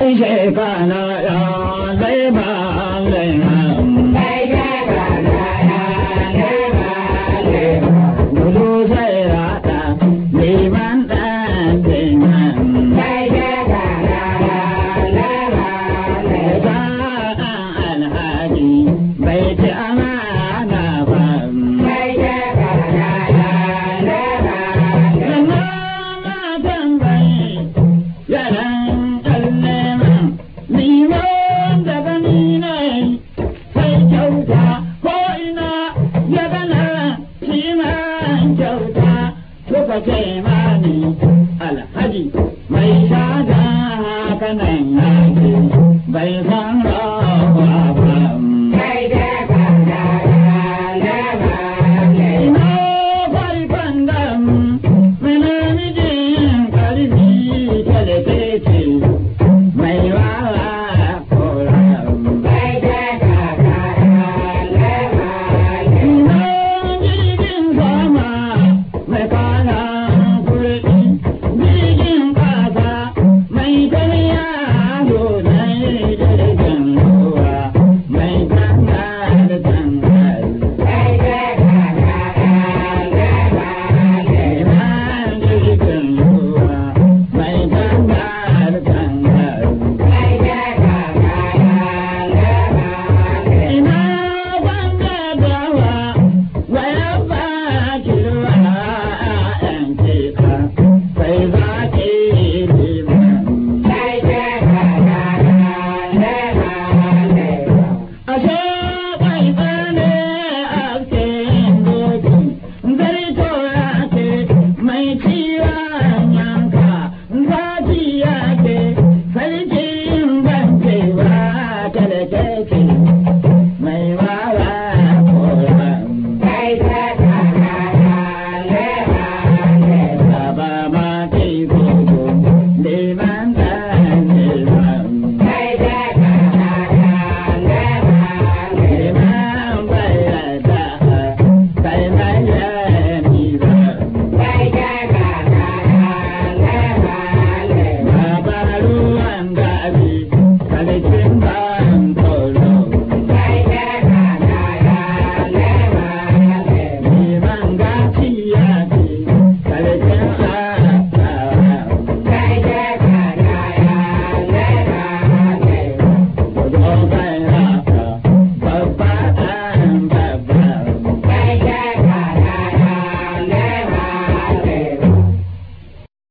إشعك أنا لا ضيبا kyauta kuka ce mani alhaji mai shada kanan yaki bai san jai